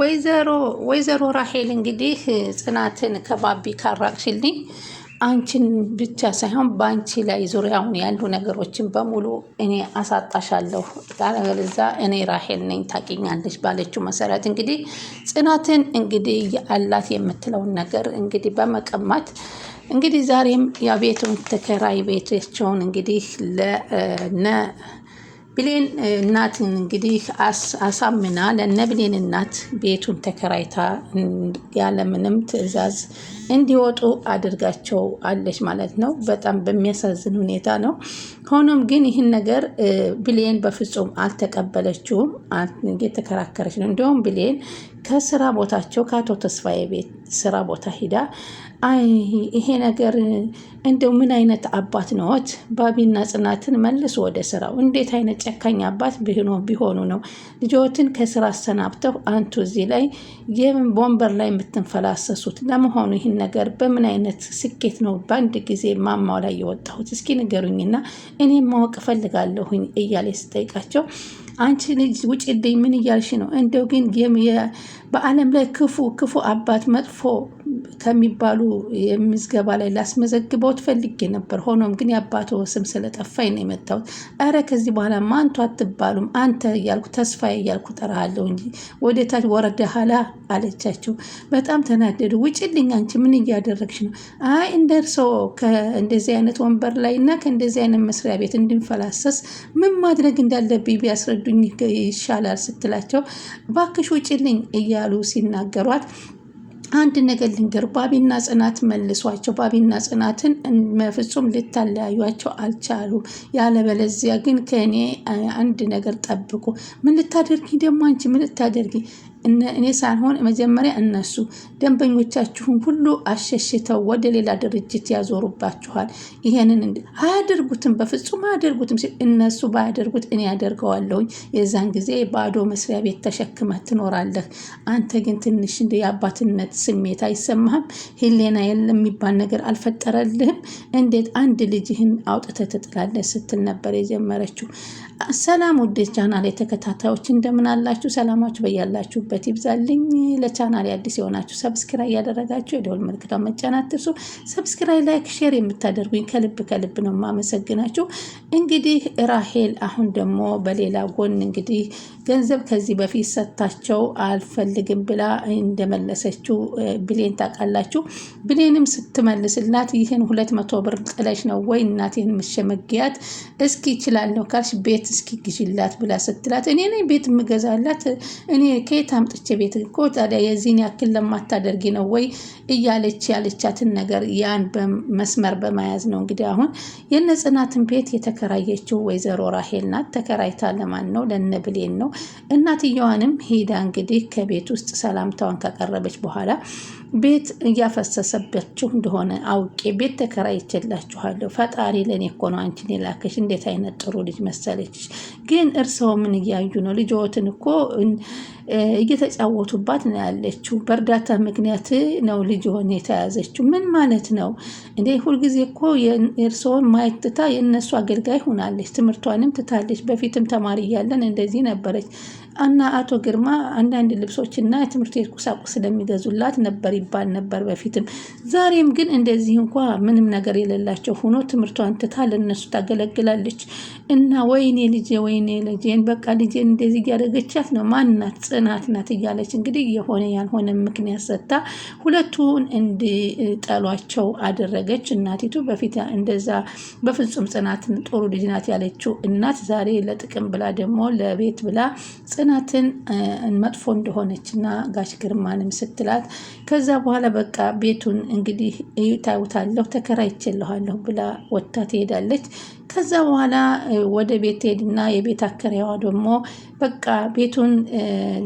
ወይዘሮ ወይዘሮ ራሄል እንግዲህ ጽናትን ከባቢ ካራቅሽልኝ አንቺን ብቻ ሳይሆን በአንቺ ላይ ዙሪያውን ያሉ ነገሮችን በሙሉ እኔ አሳጣሻለሁ። ለዛ እኔ ራሄል ነኝ ታቂኛለች ባለችው መሰረት እንግዲህ ጽናትን እንግዲህ የአላት የምትለውን ነገር እንግዲህ በመቀማት እንግዲህ ዛሬም የቤቱን ተከራይ ቤታቸውን እንግዲህ ለነ ብሌን እናትን እንግዲህ አሳምና ለነ ብሌን እናት ቤቱን ተከራይታ ያለምንም ትዕዛዝ እንዲወጡ አድርጋቸው አለች ማለት ነው። በጣም በሚያሳዝን ሁኔታ ነው። ሆኖም ግን ይህን ነገር ብሌን በፍጹም አልተቀበለችውም፣ የተከራከረች ነው። እንዲሁም ብሌን ከስራ ቦታቸው ከአቶ ተስፋዬ ቤት ስራ ቦታ ሂዳ ይሄ ነገር እንደው ምን አይነት አባት ነዎት? ባቢና ጽናትን መልስ ወደ ስራው። እንዴት አይነት ጨካኝ አባት ቢሆኑ ነው ልጆትን ከስራ አሰናብተው አንቱ እዚህ ላይ ወንበር ላይ የምትንፈላሰሱት? ለመሆኑ ይህን ነገር በምን አይነት ስኬት ነው በአንድ ጊዜ ማማው ላይ የወጣሁት? እስኪ ንገሩኝና እኔም ማወቅ እፈልጋለሁኝ እያለ ስጠይቃቸው አንቺ ልጅ ውጭልኝ፣ ምን እያልሽ ነው? እንደው ግን በዓለም ላይ ክፉ ክፉ አባት መጥፎ ከሚባሉ የምዝገባ ላይ ላስመዘግበው ትፈልጌ ነበር። ሆኖም ግን የአባቶ ስም ስለጠፋኝ ነው የመጣሁት። እረ ከዚህ በኋላ ማንቱ አትባሉም፣ አንተ እያልኩ ተስፋዬ እያልኩ እጠራሃለሁ እንጂ ወደታች ወረደ ኋላ አለቻቸው። በጣም ተናደዱ። ውጭልኝ፣ አንቺ ምን እያደረግሽ ነው? አይ እንደ ከእንደዚህ አይነት ወንበር ላይ እና ከእንደዚህ አይነት መስሪያ ቤት እንድንፈላሰስ ምን ማድረግ እንዳለብኝ ቢያስረዱኝ ይሻላል ስትላቸው፣ ባክሽ ውጭልኝ እያሉ ሲናገሯት አንድ ነገር ልንገር፣ ባቢና ጽናት መልሷቸው። ባቢና ጽናትን መፍጹም ልታለያዩቸው አልቻሉም። ያለበለዚያ ግን ከእኔ አንድ ነገር ጠብቁ። ምን ልታደርጊ ደግሞ አንቺ ምን ልታደርጊ እኔ ሳልሆን መጀመሪያ እነሱ ደንበኞቻችሁን ሁሉ አሸሽተው ወደ ሌላ ድርጅት ያዞሩባችኋል። ይሄንን አያደርጉትም፣ በፍጹም አያደርጉትም ሲል እነሱ ባያደርጉት እኔ ያደርገዋለሁኝ። የዛን ጊዜ ባዶ መስሪያ ቤት ተሸክመ ትኖራለህ። አንተ ግን ትንሽ እንደ የአባትነት ስሜት አይሰማህም? ህሌና የለም የሚባል ነገር አልፈጠረልህም? እንዴት አንድ ልጅህን አውጥተህ ትጥላለህ? ስትል ነበር የጀመረችው። ሰላም ውድ ቻናል የተከታታዮች እንደምን አላችሁ? ሰላማችሁ በያላችሁበት ይብዛልኝ። ለቻናል አዲስ የሆናችሁ ሰብስክራይ እያደረጋችሁ የደወል ምልክቷን መጫን አትርሱ። ሰብስክራይ፣ ላይክ፣ ሼር የምታደርጉኝ ከልብ ከልብ ነው የማመሰግናችሁ። እንግዲህ ራሄል አሁን ደግሞ በሌላ ጎን እንግዲህ ገንዘብ ከዚህ በፊት ሰታቸው አልፈልግም ብላ እንደመለሰችው ብሌን ታውቃላችሁ። ብሌንም ስትመልስላት ይህን ሁለት መቶ ብር ጥለሽ ነው ወይ እናቴን ምሸመግያት እስኪ ይችላለሁ ካልሽ ቤት እስኪ ግዢላት ብላ ስትላት እኔ ነኝ ቤት የምገዛላት እኔ ከየት አምጥቼ ቤት እኮ ታዲያ የዚህን ያክል ለማታደርጊ ነው ወይ እያለች ያለቻትን ነገር ያን መስመር በመያዝ ነው እንግዲህ አሁን የነ ጽናትን ቤት የተከራየችው ወይዘሮ ራሄል ናት። ተከራይታ ለማን ነው? ለነ ብሌን ነው። እናትየዋንም ሄዳ እንግዲህ ከቤት ውስጥ ሰላምታዋን ካቀረበች በኋላ ቤት እያፈሰሰባችሁ እንደሆነ አውቄ ቤት ተከራይቼላችኋለሁ። ፈጣሪ ለእኔ እኮ ነው አንቺን የላከሽ። እንዴት አይነት ጥሩ ልጅ መሰለች! ግን እርስዎ ምን እያዩ ነው? ልጆትን እኮ እየተጫወቱባት ነው ያለችው። በእርዳታ ምክንያት ነው ሆን የተያዘችው። ምን ማለት ነው እንደ ሁልጊዜ እኮ የእርስዎን ማየት ትታ የእነሱ አገልጋይ ሆናለች። ትምህርቷንም ትታለች። በፊትም ተማሪ እያለን እንደዚህ ነበረች። እና አቶ ግርማ አንዳንድ ልብሶችና ትምህርት ቤት ቁሳቁስ ስለሚገዙላት ነበር ይባል ነበር በፊትም። ዛሬም ግን እንደዚህ እንኳ ምንም ነገር የሌላቸው ሆኖ ትምህርቷን ትታ ለነሱ ታገለግላለች። እና ወይኔ ልጄ ወይኔ ልጄን በቃ ልጄን እንደዚህ እያደረገቻት ነው ማናት ጽናት ናት እያለች እንግዲህ የሆነ ያልሆነ ምክንያት ሰጥታ ሁለቱን እንዲጠሏቸው አደረገች። እናቲቱ በፊት እንደዛ በፍጹም ጽናት ጥሩ ልጅ ናት ያለችው እናት ዛሬ ለጥቅም ብላ ደግሞ ለቤት ብላ ጽናት ጽናትን መጥፎ እንደሆነች እና ጋሽ ግርማንም ስትላት ከዛ በኋላ በቃ ቤቱን እንግዲህ እዩታውታለሁ ተከራይቼልሃለሁ ብላ ወጥታ ትሄዳለች። ከዛ በኋላ ወደ ቤት ትሄድና የቤት አከራይዋ ደግሞ በቃ ቤቱን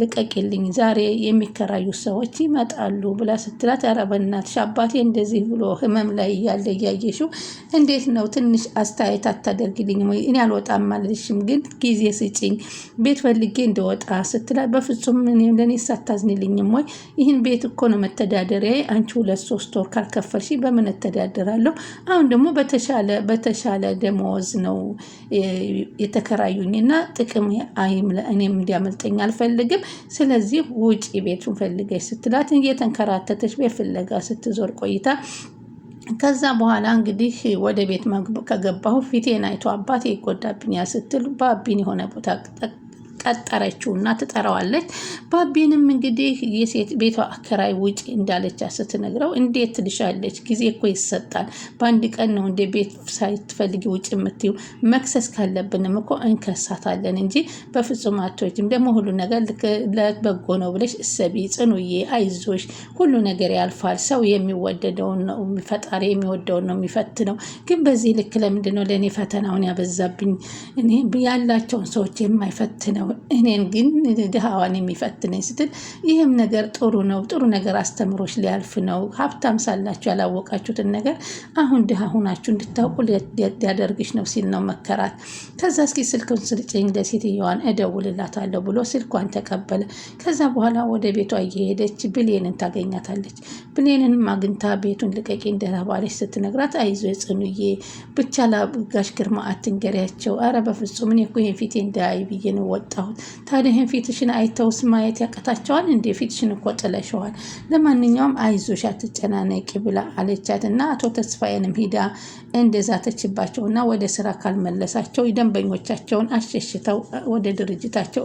ልቀቂልኝ፣ ዛሬ የሚከራዩ ሰዎች ይመጣሉ ብላ ስትላት፣ ኧረ በእናትሽ አባቴ እንደዚህ ብሎ ህመም ላይ እያለ እያየሽው እንዴት ነው ትንሽ አስተያየት አታደርግልኝም ወይ? እኔ አልወጣም ማለትሽም፣ ግን ጊዜ ስጭኝ ቤት ፈልጌ እንደወጣ ስትላት፣ በፍጹም ለእኔ ሳታዝንልኝም ወይ? ይህን ቤት እኮ ነው መተዳደሪያ። አንቺ ሁለት ሶስት ወር ካልከፈልሽ በምን እተዳደራለሁ? አሁን ደግሞ በተሻለ በተሻለ ደግሞ ደሞዝ ነው የተከራዩኝ እና ጥቅም አይም እኔም እንዲያመልጠኝ አልፈልግም። ስለዚህ ውጪ ቤቱን ፈልገሽ ስትላት እየተንከራተተች ቤት ፍለጋ ስትዞር ቆይታ ከዛ በኋላ እንግዲህ ወደ ቤት ከገባሁ ፊቴን አይቶ አባቴ ይጎዳብኛል ስትል ባቢን የሆነ ቦታ ጠጠረችው እና ትጠራዋለች። ባቤንም እንግዲህ የሴት ቤቷ አከራይ ውጪ እንዳለች ስትነግረው እንዴት ትልሻለች? ጊዜ እኮ ይሰጣል። በአንድ ቀን ነው እንደ ቤት ሳይትፈልጊ ውጭ የምትው መክሰስ ካለብንም እኮ እንከሳታለን እንጂ በፍጹም አትወጂም። ደግሞ ሁሉ ነገር ለበጎ ነው ብለሽ እሰቢ። ጽኑዬ፣ አይዞሽ፣ ሁሉ ነገር ያልፋል። ሰው የሚወደደውን ነው ፈጣሪ የሚወደውን ነው የሚፈትነው። ግን በዚህ ልክ ለምንድነው ለእኔ ፈተናውን ያበዛብኝ? እኔ ያላቸውን ሰዎች የማይፈትነው ነው። እኔን ግን ድሃዋን የሚፈትነኝ ስትል ይህም ነገር ጥሩ ነው። ጥሩ ነገር አስተምሮች ሊያልፍ ነው። ሀብታም ሳላችሁ ያላወቃችሁትን ነገር አሁን ድሃ ሁናችሁ እንድታውቁ ሊያደርግሽ ነው ሲል ነው መከራት። ከዛ እስኪ ስልክን ስልጭኝ ለሴትየዋን እደውልላታለሁ ብሎ ስልኳን ተቀበለ። ከዛ በኋላ ወደ ቤቷ እየሄደች ብሌንን ታገኛታለች። ብሌንን አግኝታ ቤቱን ልቀቂ እንደተባለች ስትነግራት አይዞ ጽኑዬ ብቻ ለጋሽ ግርማ አትንገሪያቸው። አረ በፍጹም እኔ እኮ ይህን ፊቴ እንዳያይ ብዬ ነው ወጥ ያወጣሁት። ታዲያ ይህን ፊትሽን አይተውስ ማየት ያቀታቸዋል እንዴ? ፊትሽን እኮ ጥለሸዋል። ለማንኛውም አይዞሽ አትጨናነቂ ብላ አለቻት እና አቶ ተስፋዬንም ሂዳ እንደዛ እና ወደ ስራ ካልመለሳቸው ደንበኞቻቸውን አሸሽተው ወደ ድርጅታቸው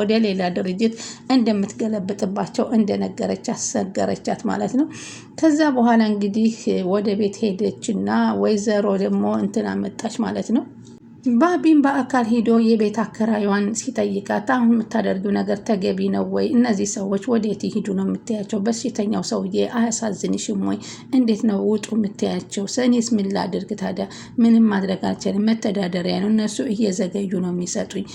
ወደ ሌላ ድርጅት እንደምትገለብጥባቸው እንደነገረች አሰገረቻት ማለት ነው። ከዛ በኋላ እንግዲህ ወደ ቤት ሄደች ሄደችና ወይዘሮ ደግሞ እንትን አመጣች ማለት ነው። ባቢን በአካል ሂዶ የቤት አከራይዋን ሲጠይቃት አሁን የምታደርጊው ነገር ተገቢ ነው ወይ? እነዚህ ሰዎች ወዴት ይሄዱ ነው የምትያቸው? በሽተኛው ሰውዬ አያሳዝንሽም ወይ? እንዴት ነው ውጡ የምትያቸው? እኔስ ምን ላድርግ ታዲያ? ምንም ማድረግ አልችልም። መተዳደሪያ ነው። እነሱ እየዘገዩ ነው የሚሰጡኝ።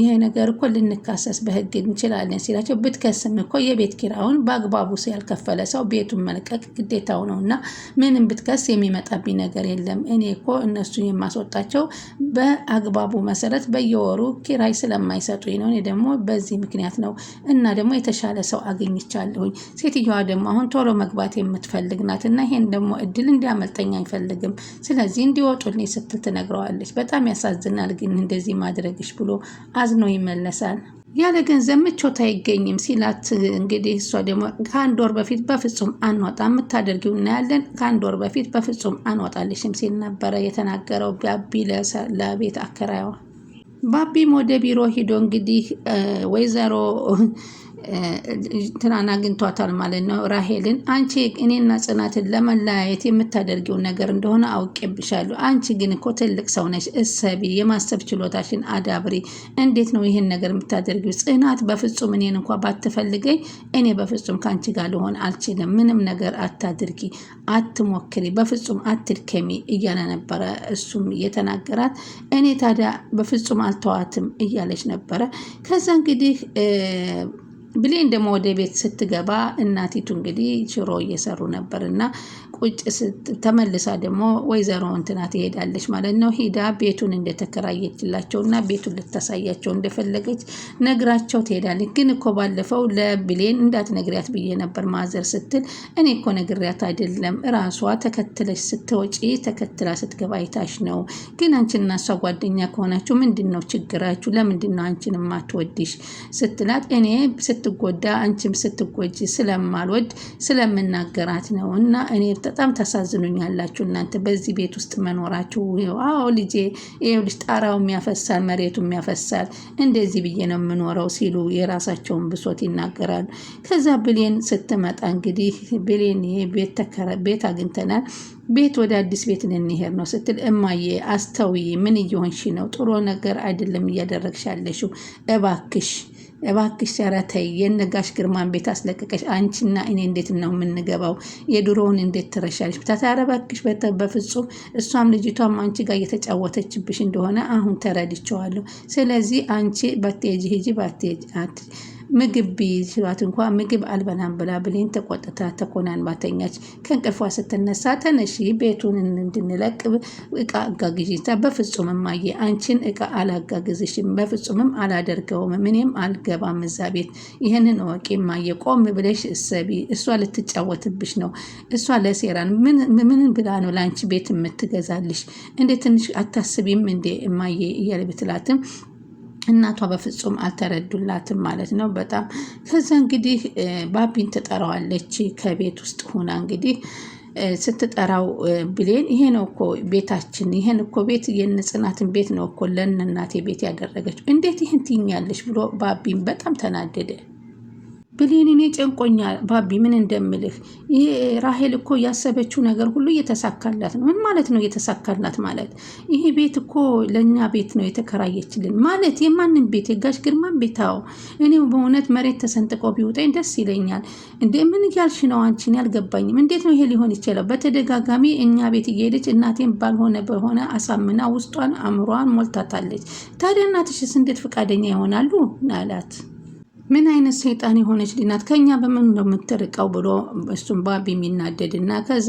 ይሄ ነገር እኮ ልንካሰስ በህግ እንችላለን ሲላቸው፣ ብትከስም እኮ የቤት ኪራውን በአግባቡ ያልከፈለ ሰው ቤቱን መልቀቅ ግዴታው ነው እና ምንም ብትከስ የሚመጣብኝ ነገር የለም። እኔ እኮ እነሱን የማስወጣቸው በአግባቡ መሰረት በየወሩ ኪራይ ስለማይሰጡኝ ነው። እኔ ደግሞ በዚህ ምክንያት ነው እና ደግሞ የተሻለ ሰው አገኝቻለሁኝ። ሴትዮዋ ደግሞ አሁን ቶሎ መግባት የምትፈልግ ናት እና ይሄን ደግሞ እድል እንዲያመልጠኝ አይፈልግም። ስለዚህ እንዲወጡልኝ ስትል ትነግረዋለች። በጣም ያሳዝናል ግን እንደዚህ ማድረግሽ ብሎ አዝኖ ይመለሳል። ያለ ገንዘብ ምቾት አይገኝም ሲላት፣ እንግዲህ እሷ ደግሞ ከአንድ ወር በፊት በፍጹም አንወጣ የምታደርጊው እናያለን፣ ከአንድ ወር በፊት በፍጹም አንወጣልሽም ሲል ነበረ የተናገረው ባቢ ለቤት አከራይዋ። ባቢም ወደ ቢሮ ሂዶ እንግዲህ ወይዘሮ እንትናን አግኝቷታል ማለት ነው ራሄልን። አንቺ እኔና ጽናትን ለመለያየት የምታደርጊው ነገር እንደሆነ አውቄብሻለሁ። አንቺ ግን እኮ ትልቅ ሰው ነሽ፣ እሰቢ፣ የማሰብ ችሎታሽን አዳብሪ። እንዴት ነው ይህን ነገር የምታደርጊው? ጽናት በፍጹም እኔን እንኳ ባትፈልገኝ እኔ በፍጹም ከአንቺ ጋር ልሆን አልችልም። ምንም ነገር አታድርጊ፣ አትሞክሪ፣ በፍጹም አትድከሚ እያለ ነበረ እሱም የተናገራት። እኔ ታዲያ በፍጹም አልተዋትም እያለች ነበረ። ከዛ እንግዲህ ብሌን ደግሞ ወደ ቤት ስትገባ እናቲቱ እንግዲህ ሽሮ እየሰሩ ነበር እና ቁጭ ተመልሳ ደግሞ ወይዘሮ እንትና ትሄዳለች ማለት ነው። ሂዳ ቤቱን እንደተከራየችላቸው እና ቤቱን ልታሳያቸው እንደፈለገች ነግራቸው ትሄዳለች። ግን እኮ ባለፈው ለብሌን እንዳትነግሪያት ብዬ ነበር ማዘር ስትል እኔ እኮ ነግሪያት አይደለም እራሷ ተከትለች ስትወጪ ተከትላ ስትገባ አይታሽ ነው። ግን አንቺና እሷ ጓደኛ ከሆናችሁ ምንድን ነው ችግራችሁ? ለምንድን ነው አንቺን የማትወድሽ ስትላት እኔ ስትጎዳ አንቺም ስትጎጂ ስለማልወድ ስለምናገራት ነው። እና እኔ በጣም ታሳዝኑኛላችሁ እናንተ በዚህ ቤት ውስጥ መኖራችሁ። አዎ ልጄ፣ ልጅ ጣራውም ያፈሳል፣ መሬቱም ያፈሳል፣ እንደዚህ ብዬ ነው የምኖረው ሲሉ የራሳቸውን ብሶት ይናገራሉ። ከዛ ብሌን ስትመጣ እንግዲህ ብሌን ቤት አግኝተናል ቤት ወደ አዲስ ቤት ልንሄድ ነው ስትል፣ እማዬ አስተውይ፣ ምን እየሆንሽ ነው? ጥሩ ነገር አይደለም እያደረግሽ ያለሽው፣ እባክሽ እባክሽ ኧረ የነጋሽ ግርማን ቤት አስለቀቀሽ። አንቺና እኔ እንዴት ነው የምንገባው? የድሮውን እንዴት ትረሻለሽ? ብታታረ ኧረ እባክሽ በፍጹም እሷም ልጅቷም አንቺ ጋር እየተጫወተችብሽ እንደሆነ አሁን ተረድቸዋለሁ። ስለዚህ አንቺ ባትሄጂ ሂጂ ባትሄጂ ምግብ ቢስባት እንኳ ምግብ አልበላም ብላ ብሌን ተቆጥታ ተኮናንባ ተኛች። ከእንቅልፏ ስትነሳ ተነሺ ቤቱን እንድንለቅ እቃ አጋግዥታ፣ በፍጹም እማዬ አንቺን እቃ አላጋግዝሽም፣ በፍጹምም አላደርገውም፣ ምንም አልገባም እዛ ቤት። ይህንን እወቂ ማየ፣ ቆም ብለሽ እሰቢ። እሷ ልትጫወትብሽ ነው። እሷ ለሴራን ምን ብላ ነው ለአንቺ ቤት የምትገዛልሽ? እንዴ ትንሽ አታስቢም እንዴ ማየ እያለ ብትላትም እናቷ በፍጹም አልተረዱላትም ማለት ነው። በጣም ከዛ እንግዲህ ባቢን ትጠራዋለች ከቤት ውስጥ ሁና እንግዲህ ስትጠራው ብሌን ይሄ ነው እኮ ቤታችን፣ ይሄን እኮ ቤት የንጽናትን ቤት ነው እኮ ለእናቴ ቤት ያደረገችው እንዴት ይህን ትኛለች ብሎ ባቢን በጣም ተናደደ። ብሌን እኔ ጨንቆኛል ባቢ ምን እንደምልህ ይህ ራሄል እኮ ያሰበችው ነገር ሁሉ እየተሳካላት ነው ምን ማለት ነው እየተሳካላት ማለት ይሄ ቤት እኮ ለእኛ ቤት ነው የተከራየችልን ማለት የማንም ቤት የጋሽ ግርማን ቤታው እኔ በእውነት መሬት ተሰንጥቆ ቢውጠኝ ደስ ይለኛል እንደ ምን እያልሽ ነው አንቺን ያልገባኝም እንዴት ነው ይሄ ሊሆን ይችላል በተደጋጋሚ እኛ ቤት እየሄደች እናቴን ባልሆነ በሆነ አሳምና ውስጧን አእምሯን ሞልታታለች ታዲያ እናትሽስ እንዴት ፈቃደኛ ይሆናሉ አላት ምን አይነት ሰይጣን የሆነች ሊናት ከኛ በምን ነው የምትርቀው ብሎ እሱም ባቢ የሚናደድ እና ከዛ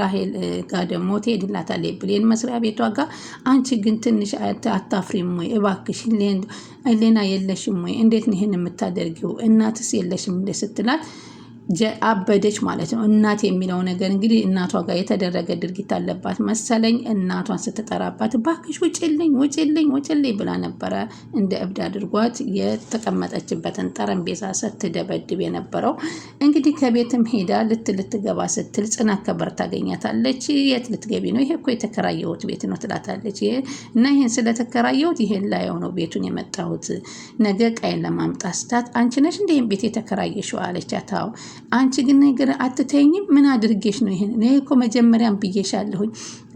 ራሄል ጋር ደግሞ ትሄድላታለች ብሌን መስሪያ ቤቷ ጋር አንቺ ግን ትንሽ አታፍሪም ወይ እባክሽ ሌና የለሽም ወይ እንዴት ነው ይህን የምታደርጊው እናትስ የለሽም እንደ ስትላት አበደች ማለት ነው። እናት የሚለው ነገር እንግዲህ እናቷ ጋር የተደረገ ድርጊት አለባት መሰለኝ። እናቷን ስትጠራባት ባክሽ ውጭልኝ፣ ውጭልኝ፣ ውጭልኝ ብላ ነበረ እንደ እብድ አድርጓት የተቀመጠችበትን ጠረጴዛ ስትደበድብ የነበረው። እንግዲህ ከቤትም ሄዳ ልት ልትገባ ስትል ጽናት ከበር ታገኛታለች። የት ልትገቢ ነው? ይሄ እኮ የተከራየሁት ቤት ነው ትላታለች። እና ይህን ስለተከራየሁት ይሄን ላየው ነው ቤቱን የመጣሁት ነገ ቃይን ለማምጣት ስታት አንቺ ነሽ ቤት የተከራየሽው አለቻት። አዎ አንቺ ግን ነገር አትተኝም። ምን አድርጌሽ ነው ይሄን? እኔ እኮ መጀመሪያም ብዬሻለሁኝ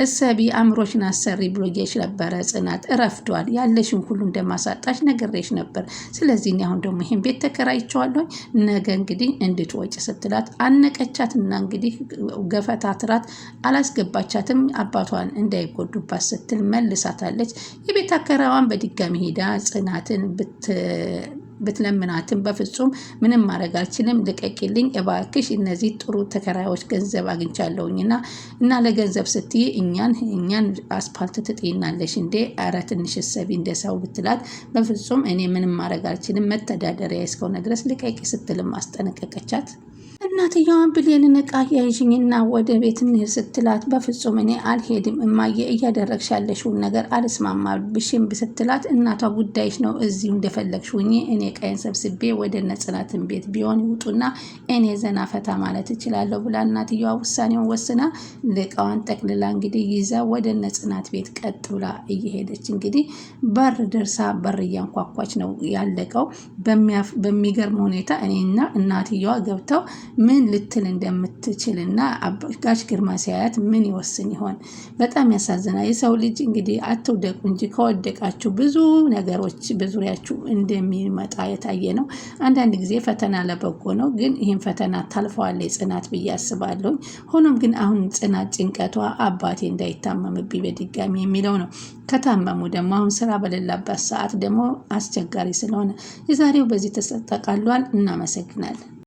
እሰቢ አእምሮሽን አሰሪ ብሎጌሽ ነበረ። ጽናት እረፍዷል። ያለሽን ሁሉ እንደማሳጣሽ ነገሬሽ ነበር። ስለዚህ እኔ አሁን ደግሞ ይሄን ቤት ተከራይቸዋለሁኝ፣ ነገ እንግዲህ እንድትወጭ ስትላት አነቀቻትና እንግዲህ ገፈታትራት አላስገባቻትም። አባቷን እንዳይጎዱባት ስትል መልሳታለች። የቤት አከራዋን በድጋሚ ሄዳ ጽናትን ብት ብትለምናትም በፍጹም ምንም ማድረግ አልችልም፣ ልቀቂልኝ እባክሽ፣ እነዚህ ጥሩ ተከራዮች ገንዘብ አግኝቻለሁኝ እና እና ለገንዘብ ስትይ እኛን እኛን አስፓልት ትጤናለሽ እንዴ? አረ ትንሽ ሰቢ እንደ ሰው ብትላት በፍጹም እኔ ምንም ማድረግ አልችልም፣ መተዳደሪያ እስከሆነ ድረስ ልቀቂ ስትልም አስጠነቀቀቻት። እናትየዋን ብሌንን እቃ ያይዥኝና ወደ ቤት እንሂድ ስትላት በፍጹም እኔ አልሄድም እማዬ እያደረግሽ ያለሽውን ነገር አልስማማብሽም ስትላት እናቷ ጉዳይሽ ነው እዚሁ እንደፈለግሽ ሁኚ እኔ ቀይን ሰብስቤ ወደ ነጽናትን ቤት ቢሆን ይውጡና እኔ ዘና ፈታ ማለት እችላለሁ ብላ እናትየዋ ውሳኔውን ወስና ልቃዋን ጠቅልላ እንግዲህ ይዛ ወደ ነጽናት ቤት ቀጥ ብላ እየሄደች እንግዲህ በር ደርሳ በር እያንኳኳች ነው ያለቀው በሚገርም ሁኔታ እኔና እናትየዋ ገብተው ምን ልትል እንደምትችል እና ጋሽ ግርማ ሲያያት ምን ይወስን ይሆን? በጣም ያሳዝናል። የሰው ልጅ እንግዲህ አትውደቁ እንጂ ከወደቃችሁ ብዙ ነገሮች በዙሪያችሁ እንደሚመጣ የታየ ነው። አንዳንድ ጊዜ ፈተና ለበጎ ነው፣ ግን ይህን ፈተና ታልፈዋለች ጽናት ብዬ አስባለሁ። ሆኖም ግን አሁን ጽናት ጭንቀቷ አባቴ እንዳይታመምብኝ በድጋሚ የሚለው ነው። ከታመሙ ደግሞ አሁን ስራ በሌላበት ሰዓት ደግሞ አስቸጋሪ ስለሆነ የዛሬው በዚህ ተጠቃሏል። እናመሰግናለን።